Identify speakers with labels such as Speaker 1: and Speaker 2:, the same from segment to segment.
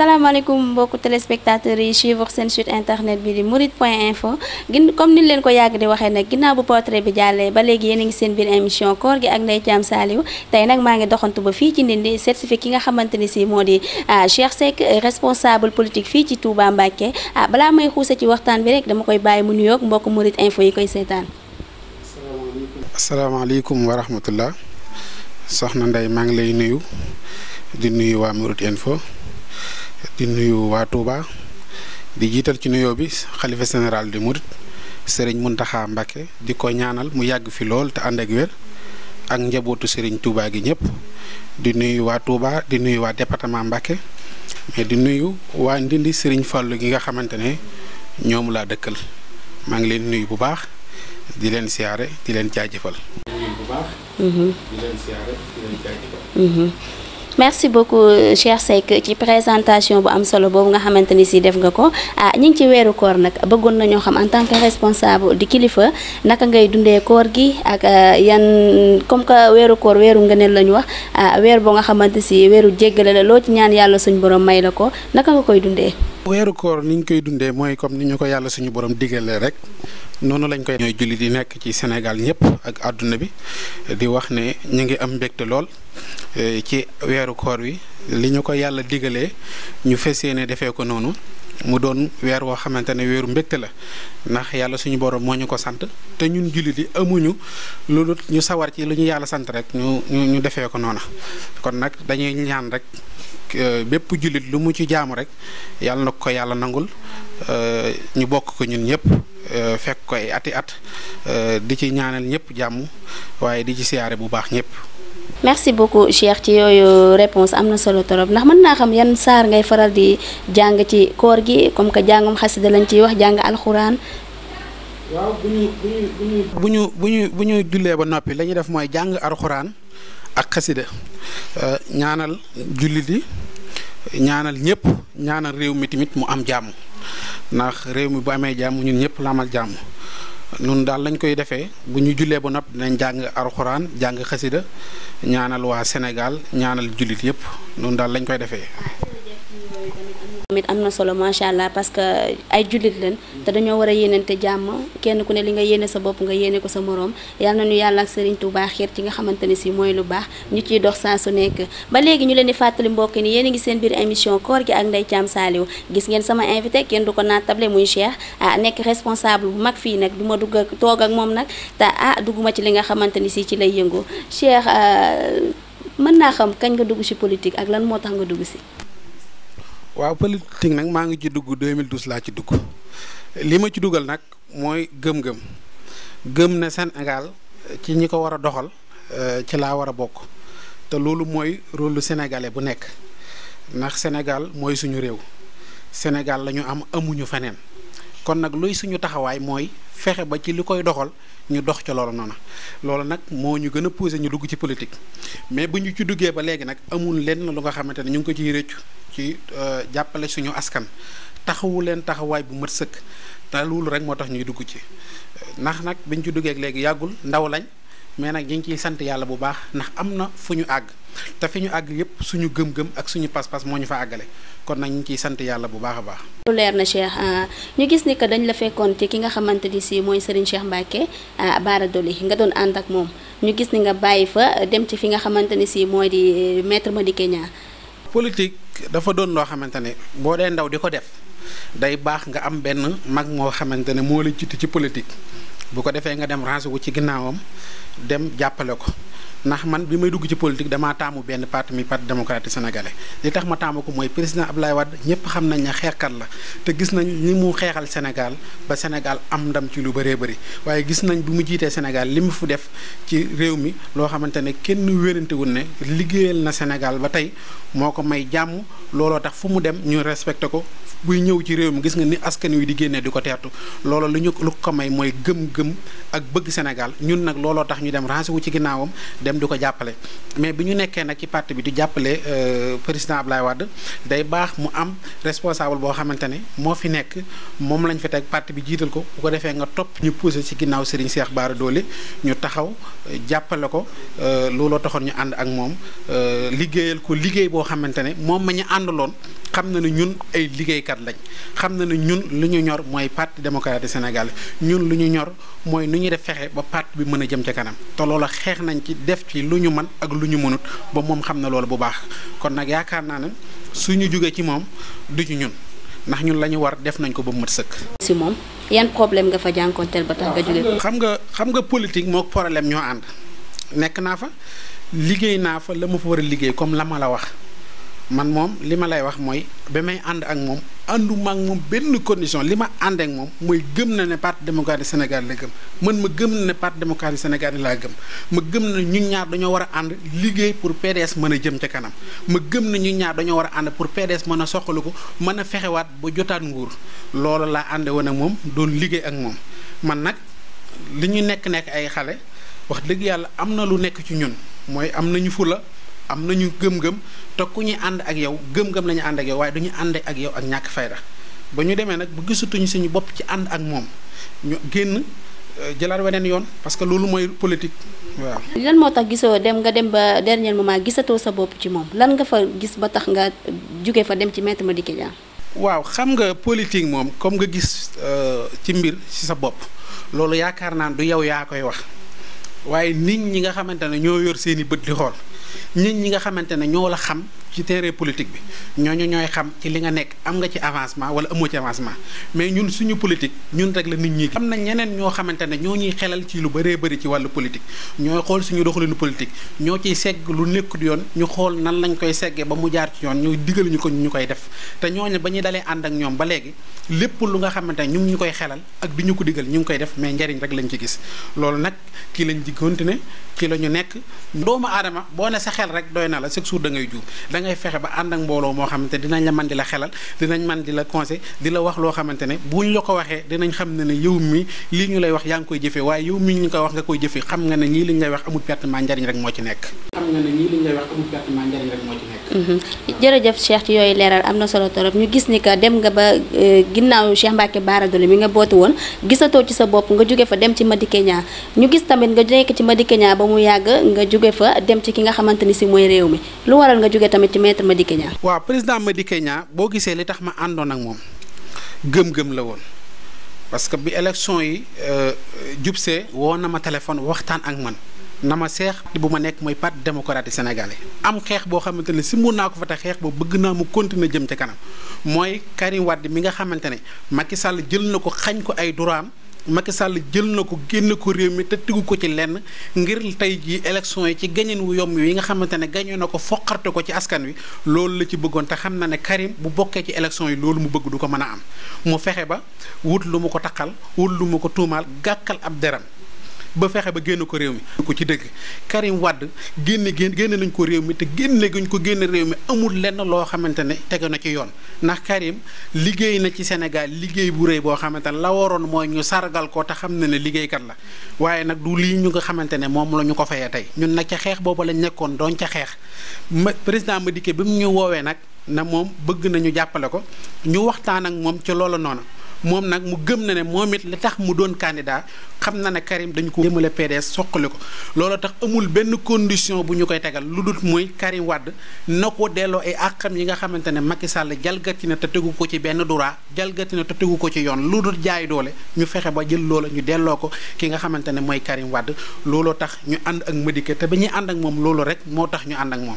Speaker 1: salaamaaleykum mbokk téléspectateurs yi suivre seen site internet bi di mourides point info gin comme ni leen ko yàgg di waxee nag ginnaaw bu portrait bi jàllee ba léegi yéen ngi seen biir émission koor gi ak Ndeye Thiam Saliou tey nag maa ngi doxantu ba fii ci Ndindi certifié ki nga xamante ni si moo di ah, Cheikh Seck responsable politique fii ci Touba Mbacké ah balaa may xuuse ci waxtaan bi rek dama koy bàyyi mu nuyoog mbokku mourides info yi koy seetaan.
Speaker 2: asalaamaaleykum wa rahmatullah soxna Ndeye maa ngi lay nuyu di nuyu waa Mourides di nuyu waa Touba di jiital ci nuyoo bi xalifa général du Mouride Serigne Mountakha Mbacké di ko ñaanal mu yàgg fi lool te ànd ak wér ak njabootu sëriñ Touba gi ñëpp di nuyu waa Touba di nuyu waa département Mbacké mais di nuyu waa Ndindi Serigne Fallou gi nga xamante ne ñoom laa dëkkal maa ngi leen nuyu bu baax di leen siyaare di leen jaajëfal. nuyu bu baax. Mhm. di leen siyaare di leen jaajëfal.
Speaker 1: Mhm. merci beaucoup Cheikh Seck ci présentation bu am solo boobu nga xamante ni si def nga ko ah ñu ngi ci weeru koor nag bëggoon na ñoo xam en tant que responsable di kilifa naka ngay dundee koor gi ak ah, yan comme que weeru koor weeru ngëneel la ñu wax ah, weer boo nga xamante si weeru jéggale la loo ci ñaan yàlla suñ borom may la ko naka nga koy dundee
Speaker 2: weeru koor ni ñu koy dundee mooy comme ni ñu ko yàlla suñu borom diggalee rek noonu lañ koy ñooy julli di nekk ci senegal ñëpp ak àdduna bi di wax ne ñu ngi am mbégte lool e, ci weeru koor wi li ñu ko yàlla diggalee ñu fas ne defee ko noonu mu doon weer woo xamante ne weeru mbégte la ndax yàlla suñu borom moo ñu ko sant te ñun jullit yi amuñu loolu ñu sawar ci lu ñu yàlla sant rek ñu ñu defee ko noona kon nag dañuy ñaan rek Euh, bépp jullit lu mu ci jaamu rek yàlla na ko yàlla nangul euh, ñu bokk ko ñun ñëpp euh, fekk ko ati at di ci ñaanal ñëpp jàmm waaye di ci siyaare bu baax ñëpp.
Speaker 1: merci beaucoup Cheikh ci yooyu réponse am na solo torop ndax mën naa xam yan saar ngay faral di jàng ci koor gi comme que jàngum xasida lañ ciy wax jàng alxuraan.
Speaker 2: bu ñu bu ñu bu ñu bu ba noppi la def mooy jàng alxuraan ak xasida ñaanal jullit yi. ñaanal ñëpp ñaanal réew mi tamit mu am jàmm ndax réew mi bu amee jàmm ñu ñëpp laamal jàmm nun daal lañ koy defee bu ñu jullee ba noppi dinañ jàng alxuraan jàng xasida ñaanal waa Sénégal ñaanal jullit yëpp nun daal lañ koy defee.
Speaker 1: tamit am na solo macha allah parce que ay jullit leen te dañoo war a yéenante jàmm kenn ku ne li nga yéene sa bopp nga yéene ko sa moroom yal na ñu yàlla ak Serigne Touba xiir ci nga xamante ne si mooy lu baax ñu ciy dox saa su nekk. ba léegi ñu leen di fàttali mbokk ni yéen a ngi seen biir émission koor gi ak Ndeye Thiam Saliou gis ngeen sama invité kenn du ko naatable muy Cheikh ah nekk responsable bu mag fii nag du ma dugg ak toog ak moom nag te ah dugguma ci li nga xamante ni si ci lay yëngu Cheikh euh, mën naa xam kañ nga dugg si politique ak lan moo tax dugg
Speaker 2: si. waaw politique nag maa ngi ci dugg 2012 laa ci dugg li ma ci dugal nag mooy gëm-gëm gëm ne Sénégal ci ñi ko war a doxal euh, ci laa war a bokk te loolu mooy rôle lu sénégalais bu nekk ndax Sénégal mooy suñu réew Sénégal lañu am amuñu feneen kon nag luy suñu taxawaay mooy fexe ba ci li koy doxal ñu dox ca loolu noonu loolu nag moo ñu gën a poussé ñu dugg ci politique mais bu ñu ci duggee ba léegi nag amul lenn lu nga xamante ne ñu ngi ko ciy rëccu ci euh, jàppale suñu askan taxawu leen taxawaay bu mat sëkk te loolu rek moo tax ñuy dugg ci ndax nag biñ ci duggee léegi yàggul ndaw lañ. mais nag ñu ngi sant yàlla bu baax ndax am na fu ñu àgg te fi ñu àgg yépp suñu gëm-gëm ak suñu pas-pas moo ñu fa àggale kon nag ñu ngi ciy sant yàlla bu baax a baax.
Speaker 1: leer na Cheikh euh, ñu gis ni que dañ la fekkoon ci ki nga xamante ni si mooy Serigne Cheikh Mbacke euh, Bara Dolly nga doon ànd ak moom ñu gis ni nga bàyyi fa euh, dem ci fi nga xamante ni si mooy di ma di Niang.
Speaker 2: politique dafa doon loo xamante ne boo dee ndaw di ko def day baax nga am benn mag moo xamante ne moo la jiitu ci politique. bu ko defee nga dem range wu ci ginnaawam dem jàppale ko ndax man bi may dugg ci politique damaa taamu benn part mi parti démocratique sénégalais li tax ma taamu ko mooy président Abdoulaye Wade ñëpp xam nañ na xeexkat la te gis nañ li mu xeexal Sénégal ba Sénégal am ndam ci lu bëree bëri waaye gis nañ bi mu jiitee Sénégal li mu fu def ci réew mi loo xamante ne kenn wérantewul ne liggéeyal na Sénégal ba tey moo ko may jàmm looloo tax fu mu dem ñu respecté ko buy ñëw ci réew mi gis nga ni askan wi di génne di ko teertu loolu lu ñu lu ko may mooy gëm-gëm ak bëgg Sénégal ñun nag looloo tax ñu dem rancé wu ci ginnaawam dem ko jàppale mais bi ñu nekkee nag ci parti bi du jàppale euh, président Ablaye Wade day baax mu am responsable boo xamante ne moo fi nekk moom lañ fa teg parti bi jiital ko bu ko defee nga topp ñu poussé ci ginnaaw Serigne Cheikh Bara Dolly ñu taxaw euh, jàppale ko euh, looloo taxoon ñu ànd ak moom liggéeyal ko liggéey boo xamante ne moom ma ñu àndaloon xam na ne ñun ay liggéeykat lañ xam na ne ñun lu ñu ñor mooy parti démocratique sénégalais ñun lu ñu ñor mooy nu ñuy def fexe ba parti bi mën a jëm ca kanam def ci lu ñu man ak lu ñu mënut ba moom xam na loolu bu baax kon nag yaakaar naa ne su ñu jógee ci moom du ci ñun ndax ñun la ñu war def nañ ko ba mu mat sëkk. si moom
Speaker 1: yan problème nga fa jànkoonteel ba tax nga jógee.
Speaker 2: xam nga xam nga politique moo problème ñoo ànd nekk naa fa liggéey naa fa la ma fa war a liggéey comme la ma la wax. man moom li ma lay wax mooy ba may ànd ak moom ànduma ak moom benn condition li ma àndeek moom mooy gëm na ne parti démocratique Sénégal la gëm man ma gëm na ne parti démocratique Sénégal laa gëm ma gëm na ñu ñaar dañoo war a ànd liggéey pour PDS mën a jëm ca kanam ma gëm na ñun ñaar dañoo war a ànd pour pedes mën a soxalu ko mën a fexewaat ba jotaat nguur loolu laa ànde woon ak moom doon liggéey ak moom man nag li ñu nekk nekk ay xale wax dëgg yàlla am na lu nekk ci ñun mooy am nañu fula am nañu gëm-gëm to ku ñi and ak yow gëm-gëm lañu and ak yow way duñu and ak yow ak ñak fayda ba ñu démé nak bu gëssatuñu suñu bop ci and ak mom ñu génn euh, jëlaat wenen yoon parce que loolu moy politique waaw.
Speaker 1: lan moo tax gisoo dem nga dem ba dernier moment gissato sa bop ci mom lan nga fa gis ba tax nga juggé fa dem ci maître Madické Niang.
Speaker 2: waaw xam nga politique mom comme nga gis euh, ci mbir ci sa bop loolu yaakar naan du yow yaa koy wax waye nit ñi nga xamantene ñoo yor seeni bëtt di xol ñun ñi nga xamante ne ñoo la xam ci terrain politique ñooñu ñooy xam ci li nga nekk am nga ci avancement wala amoo ci mais ñun suñu politique ñun rek nit ñi am na ñeneen ñoo xamante ne ñoo ñuy xelal ci lu bëree bëri ci wàllu politique ñooy xool suñu doxalinu politique ñoo ciy segg lu nekkul yoon ñu xool nan lañ koy seggee ba mu jaar ci yoon ñu digal ñu ko ñu koy def te ñooñu ba ñu dalee ànd ak ñoom ba léegi lépp lu nga xamante ne ñu ngi koy xelal ak di ñu ko digal ñu ngi koy def mais njariñ rek lañ ci gis loolu nag kii lañ di ne kii la ñu nekk doomu aadama boo ne sa xel rek doy na la chaque jour da ngay juum da fexe ba ànd mbooloo moo xamante dinañ la man di la xelal dinañ man di la conseil di wax loo xamante ne buñ la ko waxee dinañ xam ne ne yow mi lii ñu lay wax yaa ngi koy jëfee waaye yow mi ñu koy wax nga koy jëfee xam nga ne ñii li ñu lay wax amul pertement njariñ rek moo ci nekk xam nga ne ñii li ñu lay wax amul njariñ rek moo ci nekk mhm.
Speaker 1: jërëjëf Cheikh ci yooyu leeral am na solo torop ñu gis ni que dem nga ba euh, ginnaaw Cheikh Mbacke Bara Dolly mi nga booti woon nga jóge fa dem ci Madické Niang ñu gis tamit nga nekk ci dem ci ki nga xam xamanteni ci si mooy mi lu waral nga jóge tamit ci maître Madické Niang
Speaker 2: président Madické Niang boo li tax ma andon ak moom gëm-gëm la won parce que bi élection yi euh djubsé wona ma téléphone waxtan ak man nama xex seex bu ma nekk mooy parti démocratique sénégalais am xex bo xamanteni ne si mun ko fa ta xex bo bëgg na mu continuer jëm ci kanam moy Karim Wade mi nga xamanteni jël nako xagn ko ay Macky Sall jël na ko génn ko réew mi te tigu ko ci lenn ngir tey jii élection yi ci gañeen wu yomb yi nga xamante ne gañee na ko foqarte ko ci askan wi loolu la ci bëggoon te xam na ne Karim bu bokkee ci élection yi loolu mu bëgg du ko mën a am mu fexe ba wut lu mu ko taqal wut lu mu ko tuumaal gàkkal ab deram ba fexe ba génn ko réew mi ko ci dëgg Karim Wade génne génn génne nañ ko réew mi te génne guñ ko génn réew mi amul lenn loo xamante ne tege na ci yoon ndax Karim liggéey na ci Sénégal liggéey bu rëy boo xamante ne la waroon mooy ñu sargal ko te xam na ne liggéeykat la waaye nag du lii ñu nga xamante ne moom la ñu ko fayee tey ñun nag ca xeex boobu lañ nekkoon doon ca xeex ma président Madické bi mu ñu woowee nag na moom bëgg nañu jàppale ko ñu waxtaan ak moom ci loola noona moom nag mu gëm na ne moomit it li tax mu doon candidat xam na ne Karim dañu ko jëmale PDS soqali ko looloo tax amul benn condition bu ñu koy tegal lu dul mooy Karim Wade na ko delloo ay àqam yi nga xamante ne Macky Sall jalgati na te tegu ko ci benn droit jalgati na te tegu ko ci yoon lu dul jaay doole ñu fexe ba jël loola ñu delloo ko ki nga xamante ne mooy Karim Wade looloo tax ñu ànd ak Madické te ba ñuy ànd ak moom loolu rek moo tax ñu ànd ak moom.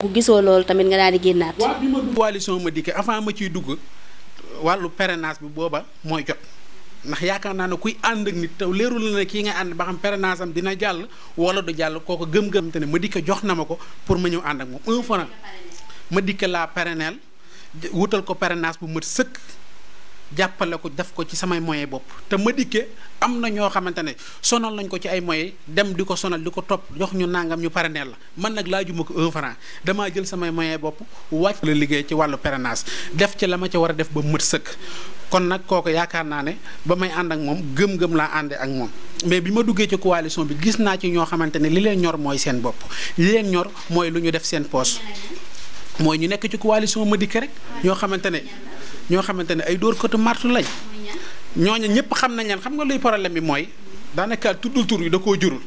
Speaker 1: ku gisoo loolu tamit nga daal di génnaat.
Speaker 2: avant ma ciy dugg. wàllu parrainage bi booba mooy jot ndax yaakaar naa ne kuy ànd ak nit taw leerul la ne kii ngay ànd ba xam parrainage am dina jàll wala du jàll kooku gëm-gëm te ne ma dikk jox na ma ko pour ma ñëw ànd ak moom un franc ma dikk laa parrainel wutal ko parrainage bu mat sëkk jàppale ko def ko ci samay moyen bopp te ma dikkee am na ñoo xamante ne sonal nañ ko ci ay moyen dem di ko sonal di ko topp jox ñu nangam ñu pare parrainage la man nag laa juma ko un franc damaa jël samay moyen bopp wàcc la liggéey ci wàllu parrainage def ci la ma ca war a def ba mët sëkk kon nag kooku yaakaar naa ne ba may ànd ak moom gëm-gëm laa àndee ak moom mais bi ma duggee ci coalition bi gis naa ci ñoo xamante ne li leen ñor mooy seen bopp li leen ñor mooy lu ñu def seen poche mooy ñu nekk ci coalition Madické rek ñoo xamante ne ñoo xamante ne ay dóorkatu martu lañ ñooñu ñëpp xam nañ leen xam nga luy problème bi mooy daanaka tuddul tur bi da koo jurul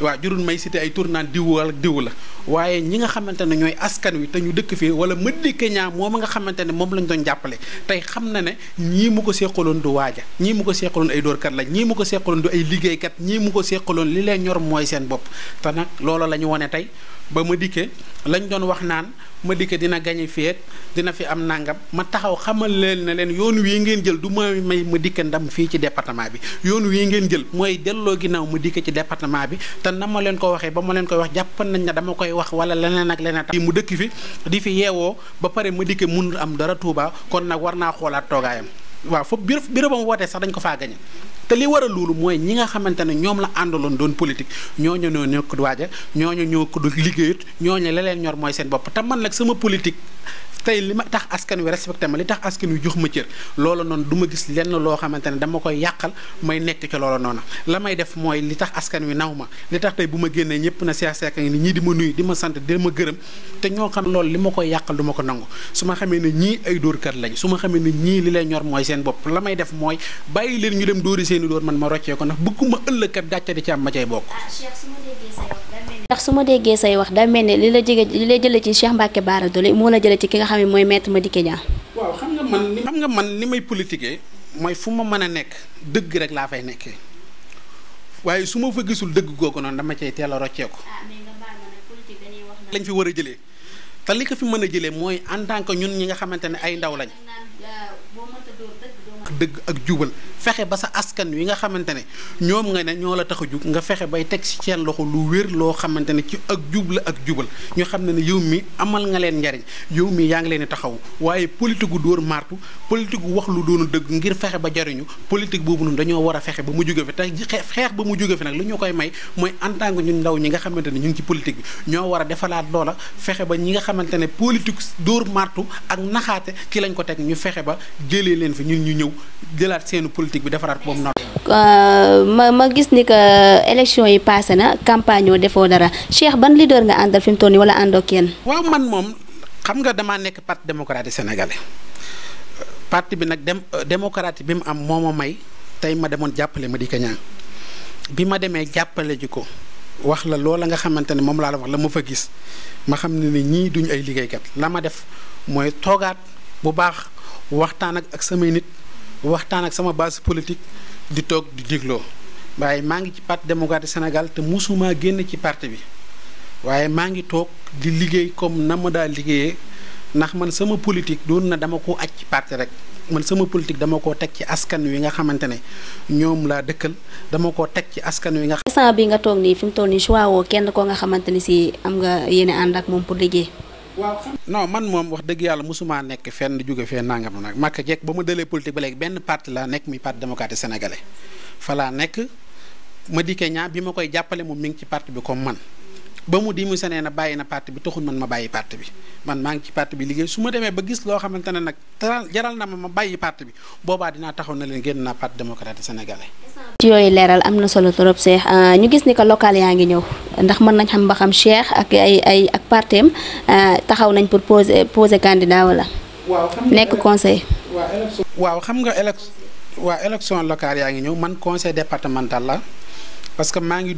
Speaker 2: waa jurul may cité ay tur naan diw wala diw la waaye ñi nga xamante ne ñooy askan wi te ñu dëkk fii wala Madické Niang moom nga xamante ne moom lañ doon jàppale tey xam na ne ñii mu ko seqaloon du waaja ñii mu ko seqaloon ay dóorkat lañ ñii mu ko seqaloon du ay liggéeykat ñii mu ko seqaloon li leen ñor mooy seen bopp te nag loola la ñu wane tey ba ma dikke lañ doon wax naan ma dikke dina gañe feet dina fi am nangam ma taxaw xamal leen ne leen yoon wii ngeen jël du may may ma dikke ndam fii ci département bi yoon wii ngeen jël mooy delloo ginnaaw ma dikke ci département bi te na ma leen ko waxee ba ma leen koy wax jàppal nañ ne dama koy wax wala leneen ak leneen mu dëkk fi di fi yeewoo ba pare ma dikke mënul am dara Touba kon nag war naa xoolaat toogaayam waaw foofu biir biir ba mu wootee sax dañ ko faa gañe te li war a loolu mooy ñi nga xamante ne ñoom la àndaloon doon politique ñooñu ñoo ñoo ko waaja ñooñu ñoo ko du liggéeyut ñooñu la ñor mooy seen bopp te man nag sama politique tey li ma tax askan wi respecté ma li tax askan wi jox ma cër loola noonu duma gis lenn loo xamante ne dama koy yàqal may nekk ca loola noonu la may def mooy li tax askan wi naw li tax tey bu ma génnee ñëpp na Cheikh Seck ni ñii di ma nuyu di ma sant di ma gërëm te ñoo xam loolu li ma koy yàqal du ko nangu su ma xamee ne ñii ay dóorkat lañ su ma xamee ne ñii li lay ñor mooy seen bopp la may def mooy bàyyi leen ñu dem dóori seeni dóor man ma roccee ko ndax bëgguma ëllëg kat gàcce di ci am ma cay bokk ah,
Speaker 1: ndax su ma déggee say wax da mel ne li la jege li lay jëlee ci Cheikh Mbacke Bara Dolly moo la jëlee ci ki nga xam ne mooy maître Madické Niang.
Speaker 2: waaw xam man ni nga man ni may politiquer mooy fu ma mën a nekk dëgg rek laa fay nekkee waaye su ma fa gisul dëgg googu noonu dama cay teel a rocceeku. Ah, lañ fi war a jëlee te li ko fi mën a jëlee mooy en tant que ñun ñi nga xamante ne ay ndaw lañ. dëgg ak jubal fexe ba sa askan wi nga xamante ne ñoom nga ne ñoo la tax a jug nga fexe bay teg ci seen loxo lu wér loo xamante ne ci ak jub la ak jubal ñu xam ne ne yow mi amal nga leen njariñ yow mi yaa ngi leen di taxaw waaye politiku dóor martu politique gu wax lu doonu dëgg ngir fexe ba jariñu politique boobu noonu dañoo war a fexe ba mu jóge fi te xeex ba mu jóge fi nag li ñu koy may mooy en tant que ndaw ñi nga xamante ne ñu ngi ci politique ñoo war a defalaat loola fexe ba ñi nga xamante ne politique dóor martu ak naxaate ki lañ ko teg ñu fexe ba jëlee leen fi ñeneen ñu ñëw jëlat seenu politique bi bo
Speaker 1: euh, ma ma gis ni que élection yi passé na campagne oo defoo dara Cheikh ban leader nga andal fim toni wala ando kenn.
Speaker 2: wa man mom xam nga dama nek parti démocratie sénégalais parti bi nak dem euh, bi mu am momo may tay ma demoon jàppale ma di ko ñaan bi ma demee jàppale ji ko. wax la lola nga xamante mom la la wax la ma fa gis ma xam ni ñi duñ ay liggéey kat lama def moy togat bu baax waxtaan ak ak samay nit waxtaan ak sama base politique di toog di dégloo waaye maa ngi ci parti démocratique Sénégal te musuma génn ci parti bi waaye maa ngi toog di liggéey comme na ma daal liggéeyee ndax man sama politique doon na dama ko aj ci parti rek man sama politique dama koo teg ci askan wi nga xamante ne ñoom laa dëkkal dama koo teg ci askan wi nga.
Speaker 1: instant bi nga toog nii fi mu toll nii choix woo kenn koo nga xamante ni si am nga yéene ànd ak moom pour liggéey.
Speaker 2: waaw non man moom wax dëgg yàlla mosumaa nekk fenn jóge fee nangam nag màkk jekk ba ma dalee politique ba léegi benn parti laa nekk muy parti démocratique sénégalais falaa laa ma Madické Niang bi ma koy jàppale moom mi ngi ci parti bi comme man ba mu di démissionné na bàyyi na parti bi taxul man ma bàyyi parti bi man maa ngi ci parti bi liggéey su ma demee ba gis loo xamante ne nag jaral na ma ma bàyyi parti bi boobaa dinaa taxaw na leen génn naa parti démocratique sénégalais.
Speaker 1: ci yooyu leeral am na solo trop Cheikh euh, ñu gis ni que local yaa ngi ñëw ndax mën nañ xam ba xam Cheikh ak ay ay ak partem euh, taxaw nañ pour poser poser candidat wala.
Speaker 2: waaw nekk conseil. waaw xam nga élection waaw élection locale yaa ngi ñëw man conseil départemental la. parce que maa ngi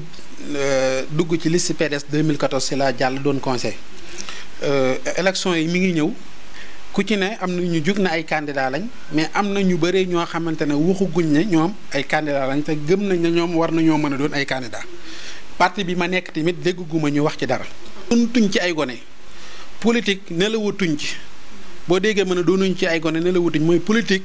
Speaker 2: euh, dugg ci liste PDS 2014 si laa jàll doon conseil euh, élection yi mi ngi ñëw ku ci ne am na ñu jug na ay candidat lañ mais am na ñu bëree ñoo xamante ne waxaguñ ne ñoom ay candidat lañ te gëm nañ ne ñoom war nañoo mën a doon ay candidat parti bi ma nekk tamit dégguma ñu wax ci dara. tuñ ci ay gone politique ne la ci boo déggee mën a doonuñ ci ay gone ne la wutuñ mooy politique.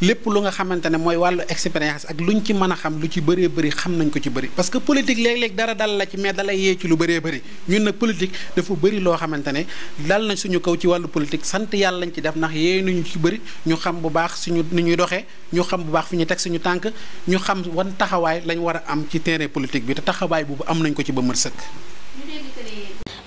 Speaker 2: lépp lu nga xamante ne mooy wàllu expérience ak luñ ci mën a xam lu ci bëree bëri xam nañ ko ci bëri parce que politique léeg-léeg dara dal la ci mais dalay yee ci lu bëree bëri ñun nag politique dafa bëri loo xamante ne dal nañ suñu kaw ci wàllu politique sant yàlla lañ ci def ndax yee ñu ci bëri ñu xam bu baax suñu ni ñuy doxee ñu xam bu baax fu ñu teg suñu tànk ñu xam wan taxawaay lañ war a am ci terrain politique bi te taxawaay boobu am nañ ko ci ba mër sëkk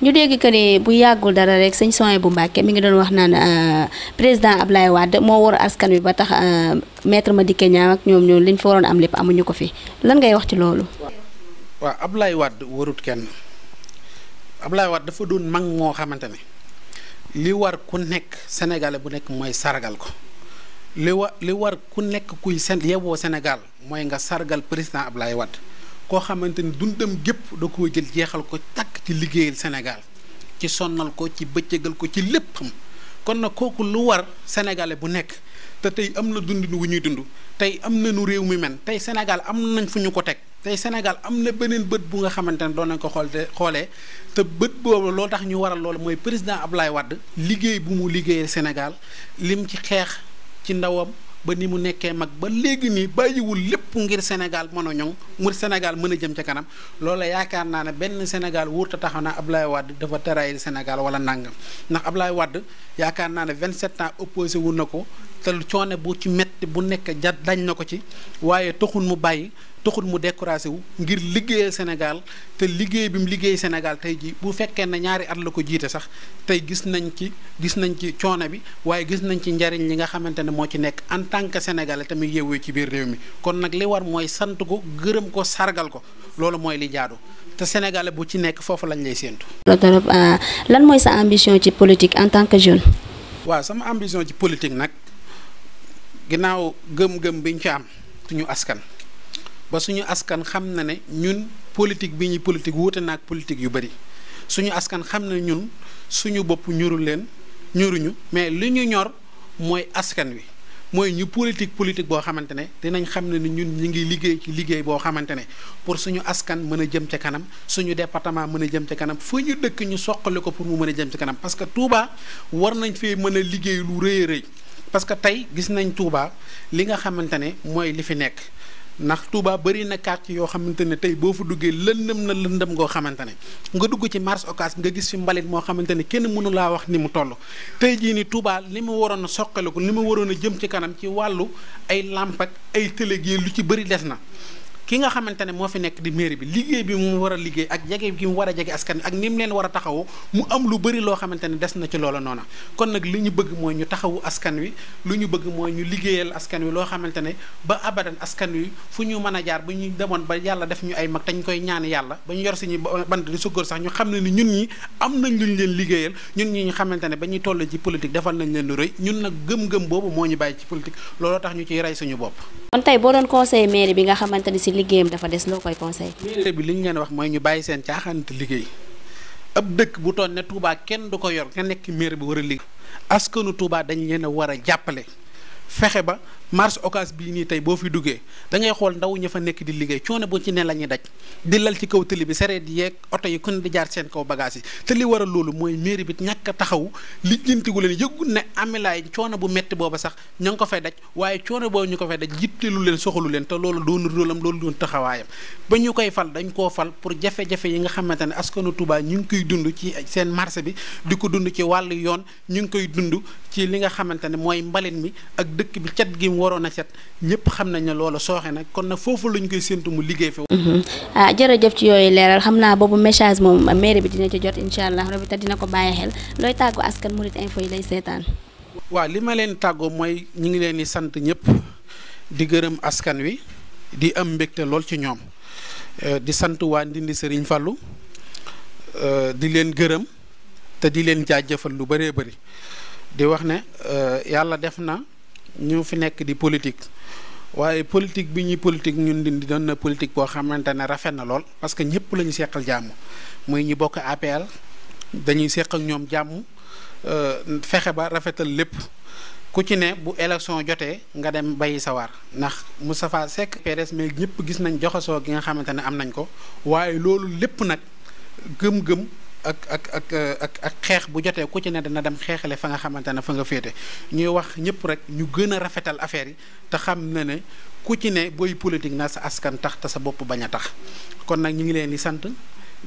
Speaker 1: ñu dégg que ne bu yàggul dara rek sëñ soin bu mbàkke mi ngi doon wax naan eh, président Ablaye Wade moo wor askan wi ba tax eh, maître Madické Niang ak ñoom ñoo liñ fa waroon am lépp amuñu ko fi lan ngay wax ci loolu
Speaker 2: waaw Ablaye Wade warut kenn Ablaye Wade dafa doon mag moo xamante ne li war ku nekk sénégalais bu nekk mooy sargal ko li wa li war ku nekk kuy sen yeboo Sénégal mooy nga sargal président Ablaye Wade koo xamante ni dundam gépp da koo jël jeexal ko takk ci liggéeyal Sénégal ci sonnal ko ci bëccëgal ko ci léppam kon nag kooku lu war sénégalais bu nekk te tey am na dund wu ñuy dund tey am na nu réew mi men tey Sénégal am nañ fu ñu ko teg tey Sénégal am na beneen bët bu nga xamante ne doon nañ ko xool te xoolee te bët boobu loo tax ñu waral loolu mooy président Ablaye Wade liggéey bu mu liggéeyee Sénégal lim ci xeex ci ndawam. ba ni mu nekkee mag ba léegi nii bàyyiwul lépp ngir Sénégal mën a ñoŋ mu Sénégal mën a jëm ca kanam loola yaakaar naa ne benn Sénégal wóorta taxaw naa Ablaye Wade dafa taraayil Sénégal wala nangam ndax ab Ablaye Wade yaakaar naa ne 27 ans opposé wu na ko te coone bu ci metti bu nekk ja dañ na ko ci waaye taxul mu bàyyi. taxul mu découragé wu ngir liggéeyal Sénégal te liggéey bi mu liggéey Sénégal tey ji bu fekkee ne ñaari at la ko jiite sax tey gis nañ ci gis nañ ci coono bi waaye gis nañ ci njariñ li nga xamante ne moo ci nekk en tant que sénégalais tamit yeewoo ci biir réew mi kon nag li war mooy sant ko gërëm ko sargal ko loolu mooy li jaadu te sénégalais bu ci nekk foofu lañ lay séentu.
Speaker 1: trop euh, lan mooy sa ambition ci politique en tant que jeune.
Speaker 2: waaw sama ambition ci politique nag ginnaaw gëm-gëm bi ñu ci am suñu askan. ba suñu askan xam na ne ñun politique bi ñuy politique wuute naag politique yu bëri suñu askan xam na ñun suñu bopp ñuru leen ñuruñu mais li ñu ñor mooy askan wi mooy ñu politique politique boo xamante ne dinañ xam ne ni ñun ñu ngi liggéey ci liggéey boo xamante ne pour suñu askan mën a jëm ca kanam suñu departement mën a jëm ca kanam fu ñu dëkk ñu soqale ko pour mu mën a jëm ci kanam parce que Touba war nañ fee mën a liggéey lu rëy rëy parce que tey gis nañ Touba li nga xamante ne mooy li fi nekk. ndax Touba bëri na quartier yoo xamante ne tey boo fa duggee lëndëm na lëndëm ngoo xamante ne nga dugg ci marché Ocass nga gis fi mbalit moo xamante ne kenn mënu laa wax ni mu toll tey jii ni Touba li mu waroon a soqaliku li mu waroon a jëm ci kanam ci wàllu ay làmp ak ay télé lu ci bëri des na ki nga xamante ne moo fi nekk di mairie bi liggéey bi mu war a liggéey ak jege gi mu war a jege askan ak ni mu leen war a taxawu mu am lu bëri loo xamante ne des na ci loola noona kon nag li ñu bëgg mooy ñu taxawu askan wi lu ñu bëgg mooy ñu liggéeyal askan wi loo xamante ne ba abadan askan wi fu ñu mën a jaar bu ñu demoon ba yàlla def ñu ay mag dañ koy ñaan yàlla ba ñu yor suñu bant di sukkur sax ñu xam ne ni ñun ñi am nañ luñ leen liggéeyal ñun ñi ñu xamante ne ba ñu toll ci politique defal nañ leen lu rëy ñun nag gëm-gëm boobu moo ñu bàyyi ci politique looloo tax ñu ciy rey suñu bopp
Speaker 1: liggéeyam dafa des loo koy conseil
Speaker 2: mairie bi li ñu leen wax mooy ñu bàyyi seen caaxaante liggéey ab dëkk bu toll ne Touba kenn du ko yor nga nekk maire bi war a liggéey askanu Touba dañu leen a war a jàppale fexe ba marché occas bii nii tey boo fi duggee da xool ndaw ña fa nekk di liggéey coono bu ci ne la ñuy daj di lal ci kaw tëli bi sareet yeeg oto yi kon di jaar seen kaw bagage yi te li wara loolu mooy mairie bi ñàkk a taxaw li jëntigu leen yëgul ne amilaay coono bu metti booba sax ña ngi ko fay daj waaye coono boobu ñu ko fay daj jittelu leen soxalu leen te loolu doon róolam loolu doon taxawaayam ba ñu koy fal dañ koo fal pour jafe-jafe yi nga xamante ne askanu Touba ñu ngi koy dund ci seen marché bi di ko dund ci wàllu yoon ñu ngi koy dund ci li nga xamante ne mooy mbalit mi ak dëkk bi cet gi mu waroon a set ñëpp xam nañ ne loola sooxe nag kon nag foofu lañ koy séntu mu liggéey fi mhm.
Speaker 1: ah jërëjëf ci yooyu leeral xam naa boobu message moom mairie bi dina ci jot incha allah rabi te dina ko bàyyi xel looy tàggu askan murit info yi lay seetaan
Speaker 2: waaw li ma leen tàggoo mooy ñu ngi leen di sant ñëpp di gërëm askan wi di am mbégte lool ci ñoom eh, di sant waa Ndindi Serigne Fallou eh, di leen gërëm te di leen jëfal lu bëree bëri di wax ne eh, yàlla def na ñu fi nekk di politique waaye politique bi ñuy politique ñun di doon na politique boo xamante ne rafet na lool parce que ñëpp la ñu seqal jàmm mooy ñi bokk APL dañuy seq ak ñoom jàmm euh, fexe ba rafetal lépp ku ci ne bu élection jotee nga dem bayi sawar ndax mu safaa Seck PDS mais ñëpp gis nañ joxasoo gi nga xamante ne am nañ ko waaye loolu lépp nag gëm-gëm. ak ak ak ak ak xeex bu jotee ku ci ne dana dem xeexale fa nga xamante ne fa nga féete ñuy wax ñëpp rek ñu gën a rafetal affaire yi te xam na ne ku ci ne booy politique na sa askan tax te sa bopp bañ a tax kon nag ñu ngi leen di sant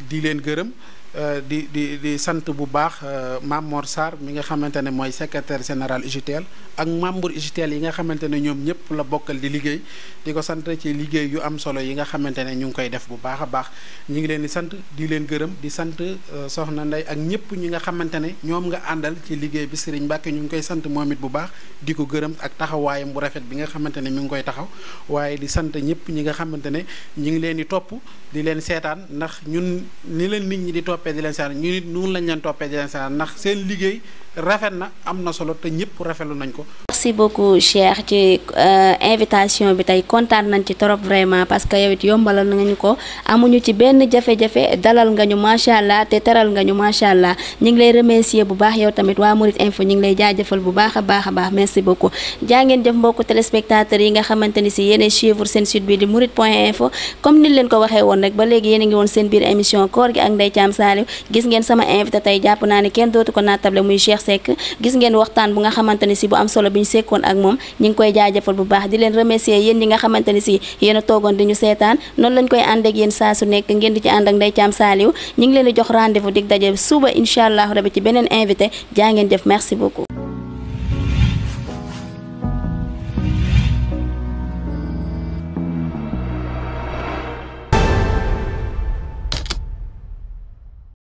Speaker 2: di leen gërëm Euh, di di di sant bu baax euh, Mame Mor Sarr mi nga xamante ne mooy secretaire général UGTEL ak membre UGTEL yi nga xamante ne ñoom ñëpp la bokkal di liggéey di ko sant ci liggéey yu am solo yi nga xamante ne ñu ngi koy def bu baax a baax ñu ngi leen di sant di leen gërëm di sant euh, soxna Ndey ak ñëpp ñi nga xamante ne ñoom nga àndal ci liggéey bi Serigne Mbacke ñu ngi koy sant moom it bu baax di ko gërëm ak taxawaayam bu rafet bi nga xamante ne mi ngi koy taxaw waaye di sant ñëpp ñi nga xamante ne ñu ngi leen di topp di leen seetaan ndax ñun ni leen nit ñi di topp toppee di leen seetaan ñu nit noonu lañ leen toppee di ndax seen liggéey rafet na am na solo te ñëpp rafetlu nañ ko.
Speaker 1: merci beaucoup Cheikh ci euh, invitation bi tey kontaan nañ ci trop vraiment parce que yow it yombalal nga ko amuñu ci benn jafe-jafe dalal nga ñu macha allah te teral nga ñu macha allah ñu ngi lay remercier bu baax yow tamit waa Mourides Info ñu ngi lay jaajëfal bu baax a baax a baax merci beaucoup jaa jëf mbokku téléspectateurs yi nga xamante si yéenay suivre seen site Saliou gis ngeen sama invité tey jàpp naa ne kenn dootu ko naatable muy Cheikh Seck gis ngeen waxtaan bu nga xamante ne si bu am solo bi ñu sekkoon ak moom ñu ngi koy jaajëfal bu baax di leen remercier yéen ñi nga xamante ne si yéen a toogoon di ñu seetaan noonu lañ koy ànd ak yéen saa su nekk ngeen di ci ànd ak Ndeye Thiam Saliou ñu ngi leen di jox rendez-vous dig daje suba incha allah rabi ci beneen invité jaa ngeen jëf merci beaucoup